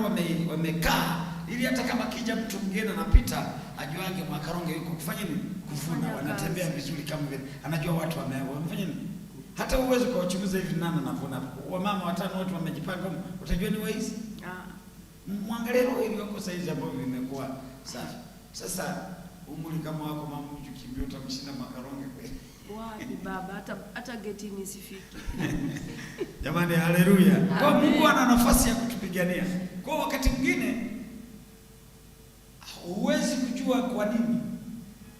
maana wamekaa ili hata kama kija mtu mgeni anapita ajuage makaronge yuko kufanya nini, kuvuna, wanatembea vizuri kama vile anajua watu wame, wamefanya nini. Hata uwezi ukawachunguza hivi nani anavuna. Wamama watano wote wamejipanga, utajua ni waizi. Ah. Mwangalie roho iliyoko saa hizi ambayo imekuwa safi. Sasa umri kama wako mama, ukikimbia utamshinda makaronge kweli? Wapi baba, hata hata getini sifiki. Jamani, haleluya! Kwa Mungu ana nafasi ya kutupigania. Kwa wakati mwingine huwezi kujua kwa nini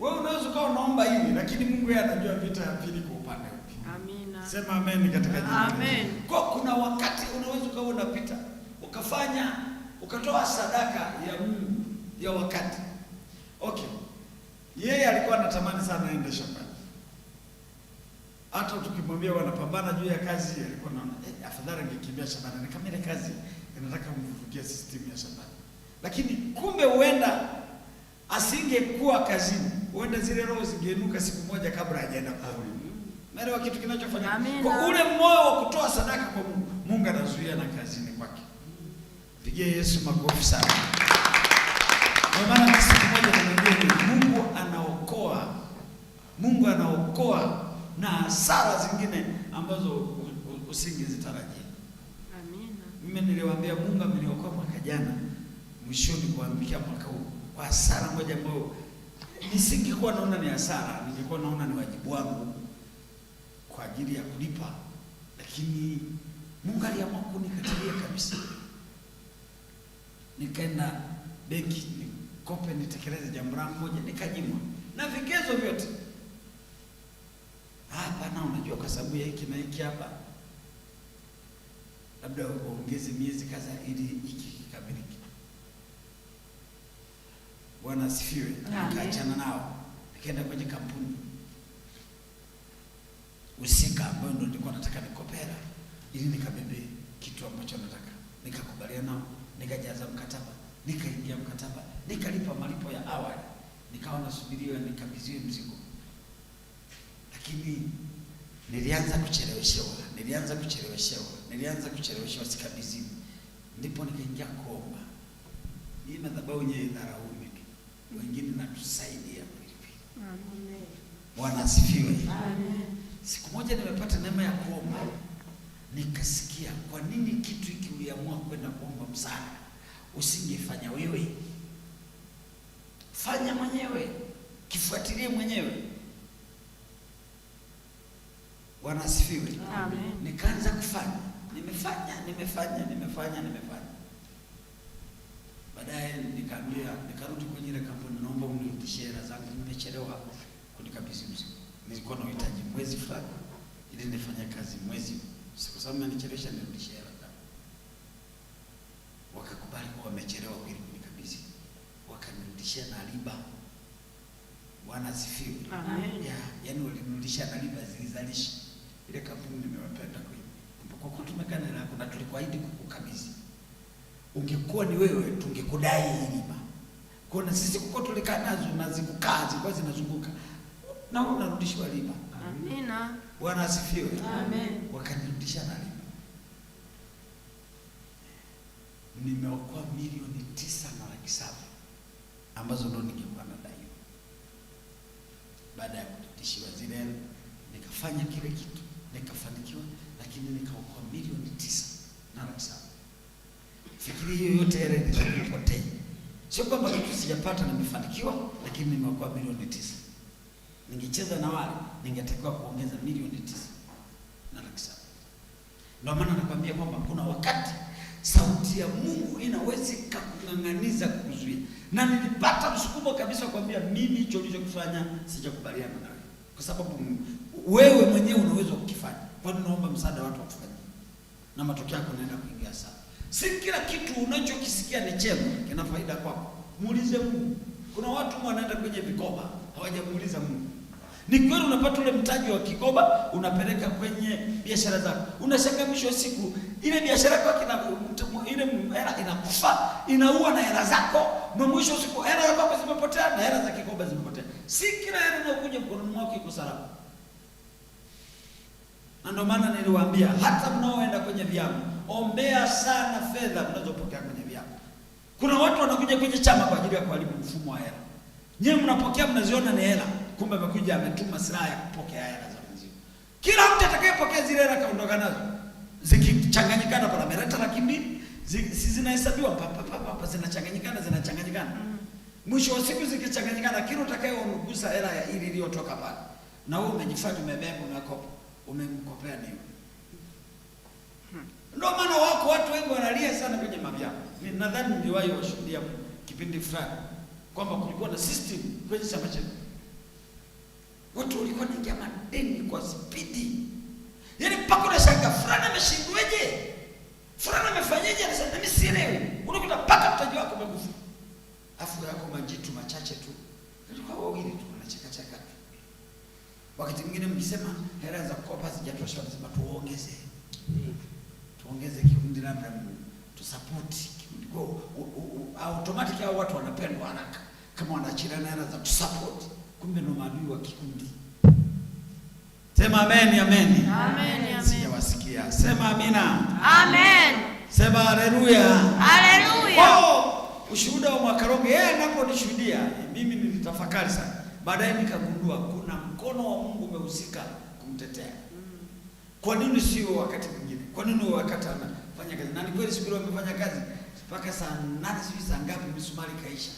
wewe unaweza ukawa unaomba hivi, lakini Mungu yeye anajua vita ya pili kwa upande upi. Amina, sema amen katika jina. Amen. Kwa kuna wakati unaweza ukawa unapita ukafanya ukatoa sadaka ya Mungu ya wakati okay, yeye alikuwa anatamani sana aende shambani hata tukimwambia wanapambana juu ya kazi, alikuwa naona eh, afadhali angekimbia shambani, na kama ile kazi inataka kumvukia system ya shambani. Lakini kumbe huenda asingekuwa kazini, huenda zile roho zingeinuka siku moja kabla hajaenda kauli. Naelewa kitu kinachofanya kwa ule moyo wa kutoa sadaka kwa Mungu. Mungu anazuia na kazini kwake. Pigie Yesu makofi sana. Kwa maana siku moja tunaambia Mungu anaokoa, Mungu anaokoa na hasara zingine ambazo usingezitarajia. Amina. Mimi niliwaambia Mungu ameniokoa mwaka jana, mwishoni kuamkia mwaka huu kwa hasara moja ambayo nisingekuwa naona ni hasara, ningekuwa naona ni wajibu wangu kwa ajili ya kulipa, lakini Mungu aliamua kunikatilia kabisa. Nikaenda benki nikope nitekeleze jambo langu moja, nikajimwa na vigezo vyote hapana, unajua kwa sababu ya hiki na hiki hapa, labda uongeze miezi kadhaa ili hiki kikamilike. Bwana asifiwe. Nikaachana nao nikaenda kwenye kampuni husika ambayo ndio nilikuwa nataka nikopera, ili nikabebe kitu ambacho nataka. Nikakubaliana nao, nikajaza mkataba, nikaingia mkataba, nikalipa malipo ya awali, nikawa nasubiriwa nikabidhiwe mzigo lakini nilianza kucheleweshewa, nilianza kucheleweshewa, nilianza kucheleweshewa, sikabidhiwi. Ndipo nikaingia kuomba, hii madhabahu yenyewe dharaume wengine natusaidia Amen, Bwana asifiwe. Amen. Siku moja nimepata neema ya kuomba, nikasikia kwa nini kitu hiki kwenda kuomba msaada, usingefanya wewe, fanya mwenyewe, kifuatilie mwenyewe Bwana asifiwe. Amen. Nikaanza kufanya, nimefanya, nimefanya, nimefanya, nimefanya. Baadaye nikaambia, nikarudi kwenye ile kampuni, naomba unirudishie hela zangu, nimechelewa kunikabidhi mzigo. Nilikuwa na uhitaji mwezi fulani ili nifanye kazi mwezi, siku sababu mnanichelewesha, nirudishie hela zangu. Wakakubali kuwa wamechelewa kweli kunikabidhi, wakanirudishia na riba. Bwana asifiwe. Amen. Yeah, yaani walinirudishia na riba zilizalisha ile kampuni nimewapenda kwa kuwa tumekaa nako na tulikuahidi kukukabidhi. Ungekuwa ni wewe tungekudai hili ba. Kwa na sisi kuko tulikaa nazo na zikukaa zilikuwa zinazunguka. Na wewe unarudishiwa riba. Amina. Bwana asifiwe. Amen. Wakanirudisha na riba. Nimeokoa milioni tisa na laki saba ambazo ndo ningekuwa nadaiwa. Baada ya kurudishiwa zile nikafanya kile kitu nikafanikiwa, lakini nikaokoa milioni tisa na laki saba. Fikiri hiyo yote hela nilipotea, sio kwamba kitu sijapata, nimefanikiwa, lakini nimeokoa milioni tisa. Ningecheza na wale, ningetakiwa kuongeza milioni tisa na laki saba. Ndio maana nakwambia kwamba kuna wakati sauti ya Mungu inaweza kukung'ang'aniza kuzuia, na nilipata msukumo kabisa kwambia, mimi hicho ulichokifanya sijakubaliana nawe, kwa sababu wewe mwenyewe unaweza kukifanya. Kwa nini naomba msaada watu wakufanyie, na matokeo yako unaenda kuingia sana. Si kila kitu unachokisikia ni chema kina faida kwako, muulize Mungu. Kuna watu wanaenda kwenye vikoba hawajamuuliza Mungu. Ni kweli unapata ule mtaji wa kikoba unapeleka kwenye biashara zako, unashangaa mwisho wa siku ile biashara yako ile hela inakufa inaua na hela zako, na mwisho wa siku hela zako zimepotea na hela za kikoba zimepotea. Si kila hela inayokuja mkononi mwako iko salama. Na ndio maana niliwaambia hata mnaoenda kwenye vyama, ombea sana fedha mnazopokea kwenye vyama. Kuna watu wanakuja kwenye chama kwa ajili ya kuharibu mfumo wa hela. Nyewe mnapokea mnaziona ni hela, kumbe amekuja ametuma silaha ya kupokea hela za mzigo. Kila mtu atakayepokea zile hela kaondoka nazo, zikichanganyikana kwa ameleta laki mbili, si zinahesabiwa pa pa pa pa, zinachanganyikana zinachanganyikana. Mm. Mwisho wa siku zikichanganyikana, kila utakayeonugusa hela ya ili iliyotoka pale, na wewe umejifanya umebeba umekopa umemkopea nini? Hmm. Ndio maana wako watu wengi wanalia sana kwenye mavyama. Mimi nadhani niliwahi washuhudia kipindi fulani kwamba kulikuwa na system kwenye chama chetu, watu walikuwa naingia madeni kwa spidi, yaani mpaka unashangaa fulani ameshindweje, fulani amefanyeje, anasema mimi sielewi. Unakuta mpaka mtaji wako umekufa, afu yako majitu machache tu, ilikuwa yaani wawili tu Wakati mwingine mkisema hela za kopa zijatosha, lazima tuongeze, tuongeze kikundi, labda tusapoti kikundi kwa automatic hao watu wanapendwa haraka kama wanachirana hela za tusapoti, kumbe ndo maadui wa kikundi. Sema amen, amen, amen. Sijawasikia, sema amina, amen, sema haleluya, haleluya. Oh, ushuhuda wa Mwakaronge, yeye anaponishuhudia mimi nilitafakari sana Baadaye nikagundua kuna mkono wa Mungu umehusika kumtetea. Kwa nini sio wakati mwingine? Kwa nini wakati anafanya kazi? Na ni kweli siku ile amefanya kazi mpaka saa nane sijui saa ngapi, misumari kaisha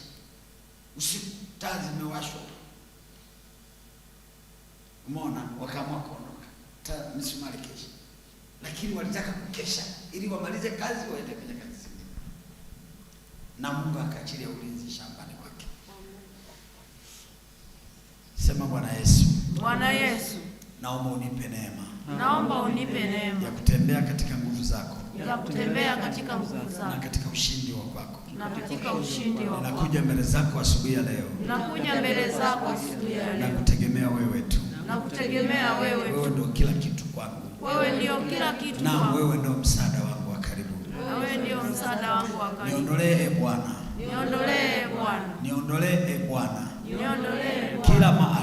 usiku, taa zimewashwa, umeona, wakaamua kuondoka, taa misumari kaisha, lakini walitaka kukesha ili wamalize kazi waende kwenye kazi zingine, na Mungu akaachilia ulinzi shambani. Sema Bwana Yesu. Bwana Yesu. Naomba unipe neema. Naomba unipe neema ya kutembea katika nguvu zako. Ya kutembea katika nguvu zako. Na katika ushindi wa kwako. Na katika ushindi wa kwako. Nakuja mbele zako asubuhi ya leo. Nakuja mbele zako asubuhi ya leo. Na kutegemea wewe tu. Na kutegemea wewe tu. Wewe ndio kila kitu kwangu. Wewe ndio kila kitu kwangu. Na wewe ndio msaada wangu wa karibu. Wewe ndio msaada wangu wa karibu. Niondolee e Bwana. Niondolee e Bwana. Niondolee e Bwana. Niondolee Bwana. Kila ma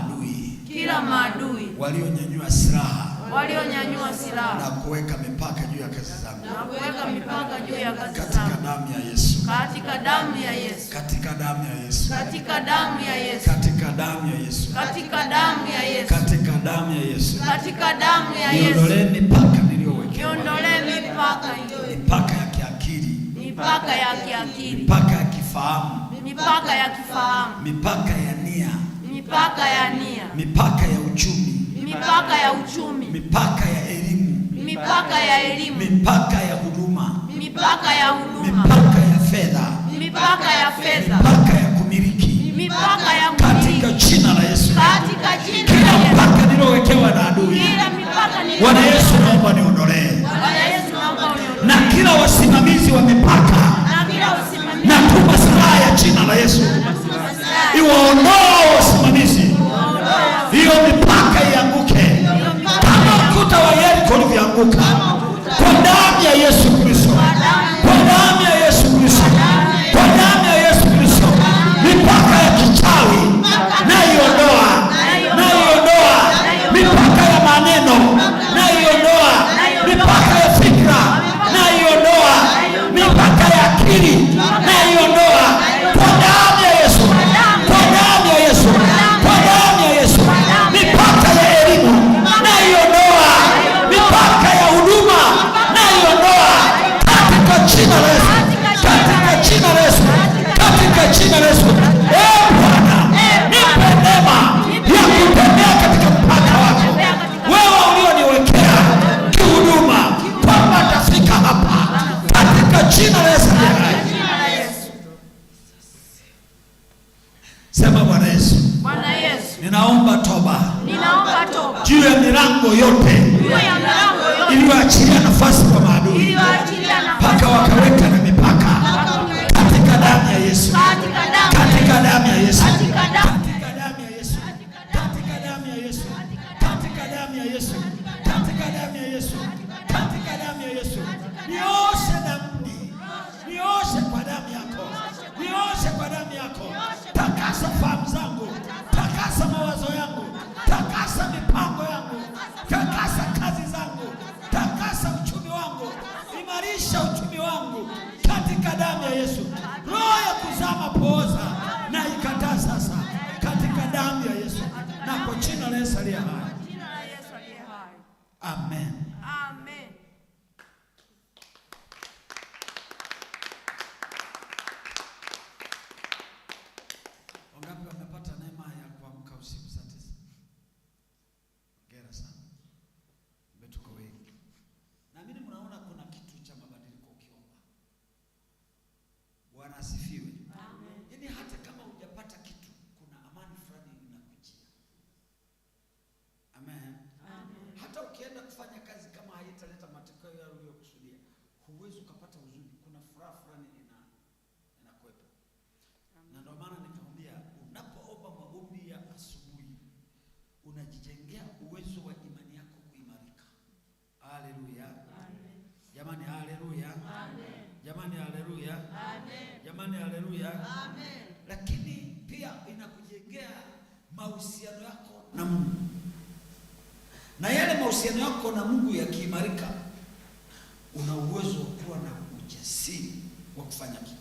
kila maadui walionyanyua silaha walionyanyua silaha na kuweka mipaka juu ya kazi zangu na kuweka mipaka juu ya kazi zangu katika damu ya Yesu katika damu ya Yesu katika damu ya Yesu katika damu ya Yesu katika damu ya Yesu katika damu ya Yesu katika damu ya Yesu katika damu ya Yesu niondolee mipaka niliyoweka niondolee mipaka hiyo mipaka ya kiakili mipaka ya kiakili mipaka ya kifahamu mipaka ya kifahamu mipaka ya nia mipaka ya nia, mipaka ya uchumi, mipaka ya uchumi, mipaka ya elimu, mipaka ya elimu, mipaka ya huduma, mipaka ya huduma, mipaka ya fedha, mipaka ya fedha, mipaka ya kumiliki, mipaka ya kumiliki, katika jina la Yesu, katika jina la Yesu, kila mipaka nilowekewa na adui, kila mipaka ni Bwana Yesu, naomba niondolee, Bwana Yesu, naomba uniondolee, na kila wasimamizi wa mipaka na kila wasimamizi, na kupa silaha ya jina la Yesu iwaondoe hiyo mipaka ianguke kama ukuta wa Yeriko ulivyoanguka kwa damu ya Yesu. milango yote iliyoachilia nafasi kwa maadui, mpaka wakaweka na mipaka katika damu ya Yesu, katika damu ya Yesu, katika damu ya Yesu, katika damu ya Yesu, katika damu ya Yesu, katika damu ya Yesu, katika damu ya Yesu. Nioshe dhambi, nioshe kwa damu yako, nioshe kwa damu yako. Takasa fahamu zangu, takasa mawazo yangu damu ya Yesu. Roho ya kuzama poza na ikataa sasa katika damu ya Yesu na kwa jina la Yesu aliye hai. Amen. Amen. Wangapi wamepata Jamani, haleluya! Lakini pia inakujengea mahusiano yako na Mungu, na yale mahusiano yako na Mungu yakiimarika, una uwezo wa kuwa na ujasiri wa kufanya kitu.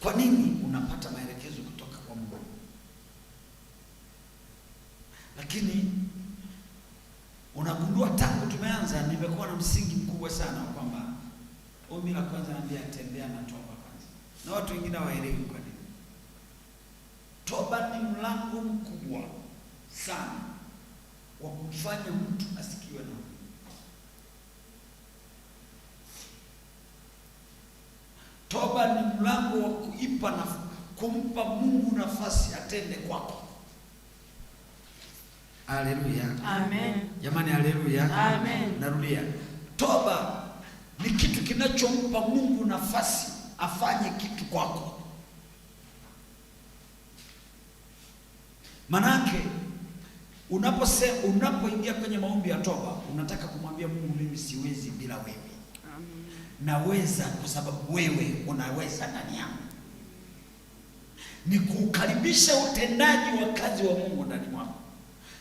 Kwa nini? Unapata maelekezo kutoka kwa Mungu. Lakini unagundua tangu tumeanza nimekuwa na msingi mkubwa sana kwamba ombi la kwanza naambia, tembea na toba na watu wengine hawaelewi kwa nini. Toba ni mlango mkubwa sana wa kumfanya mtu asikiwe na Toba ni mlango wa kuipa na kumpa Mungu nafasi atende kwako. Haleluya. Amen. Jamani, haleluya. Amen. Narudia. Toba ni kitu kinachompa Mungu nafasi afanye kitu kwako. Manake unapose unapoingia kwenye maombi ya toba, unataka kumwambia Mungu, mimi siwezi bila wewe, naweza kwa sababu wewe unaweza ndani yangu. Ni kukaribisha utendaji wa kazi wa Mungu ndani mwako,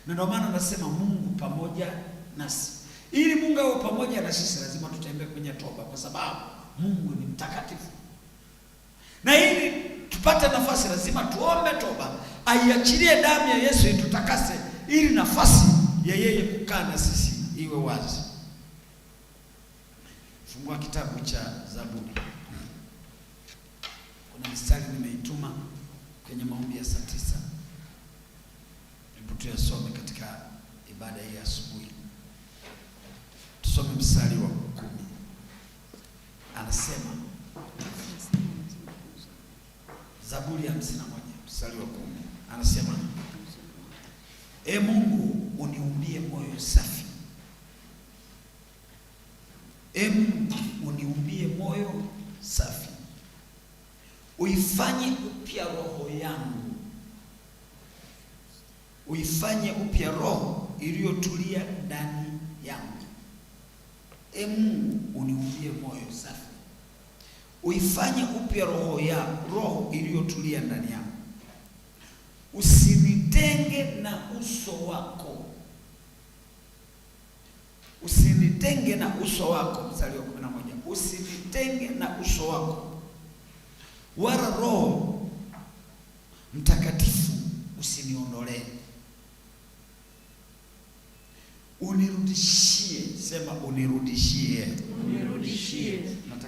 na ndio maana nasema Mungu pamoja nasi. Ili Mungu awe pamoja na sisi, lazima tutembee kwenye toba, kwa sababu Mungu ni mtakatifu tupate nafasi lazima tuombe toba, aiachilie damu ya Yesu itutakase, ili nafasi ya yeye kukaa na sisi iwe wazi. Fungua kitabu cha Zaburi, kuna mstari nimeituma kwenye maombi ya saa tisa, hebu tuyasome katika ibada hii asubuhi. Tusome mstari wa kumi, anasema Zaburi ya 51 mstari wa kumi anasema, E Mungu uniumbie moyo safi, E Mungu uniumbie moyo safi, uifanye upya roho yangu, uifanye upya roho iliyotulia ndani yangu. E Mungu uniumbie moyo safi uifanye upya roho ya roho iliyotulia ndani yako. Usinitenge na uso wako, usinitenge na uso wako. Mstari wa 11, usinitenge na uso wako, wala Roho Mtakatifu usiniondolee, unirudishie. Sema unirudishie, unirudishie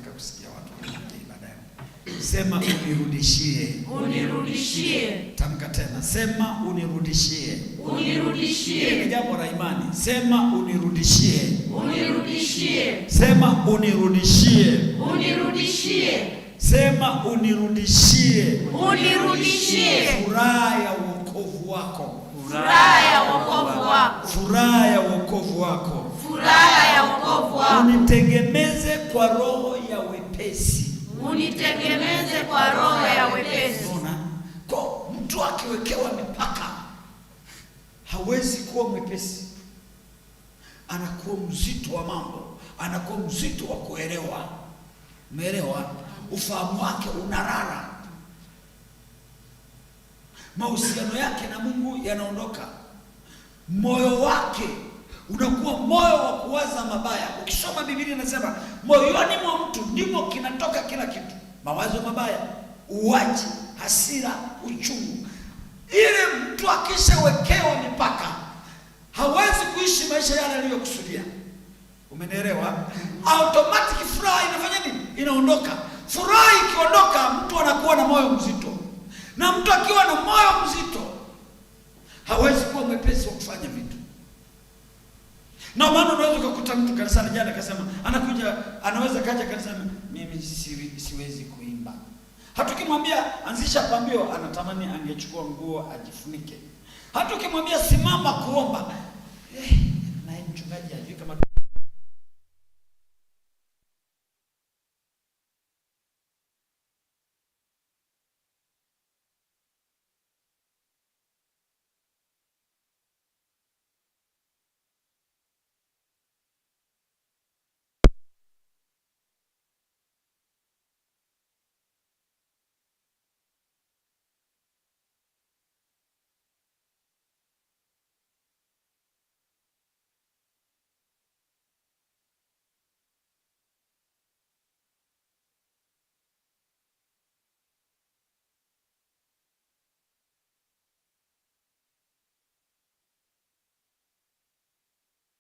nataka kusikia watu wanakuja baadaye. Sema unirudishie, unirudishie. Tamka tena, sema unirudishie, unirudishie. Ni jambo la imani. Sema unirudishie, unirudishie. Sema unirudishie, unirudishie. Sema unirudishie, unirudishie. Furaha ya wokovu wako, furaha ya wokovu wako, furaha ya wokovu wako, furaha uovu, unitegemeze kwa roho ya wepesi, unitegemeze kwa roho ya wepesi. Kwa mtu akiwekewa mipaka hawezi kuwa mwepesi, anakuwa mzito wa mambo, anakuwa mzito wa kuelewa. Umeelewa? Ufahamu wake unarara, mahusiano yake na Mungu yanaondoka, moyo wake unakuwa moyo wa kuwaza mabaya. Ukisoma Biblia inasema moyoni mwa mtu ndipo kinatoka kila kitu, mawazo mabaya, uwaji, hasira, uchungu. Ili mtu akishawekewa mipaka hawezi kuishi maisha yale aliyokusudia. Umenielewa? Automatic furaha inafanya nini? Inaondoka. Furaha ikiondoka, mtu anakuwa na moyo mzito, na mtu akiwa na moyo mzito hawezi kuwa mwepesi wa kufanya vitu. Na maana unaweza kukuta mtu kanisani jana akasema anakuja anaweza kaja kanisani mimi siwi, siwezi kuimba. Hatukimwambia anzisha pambio anatamani angechukua nguo ajifunike. Hatukimwambia simama kuomba. Eh, na mchungaji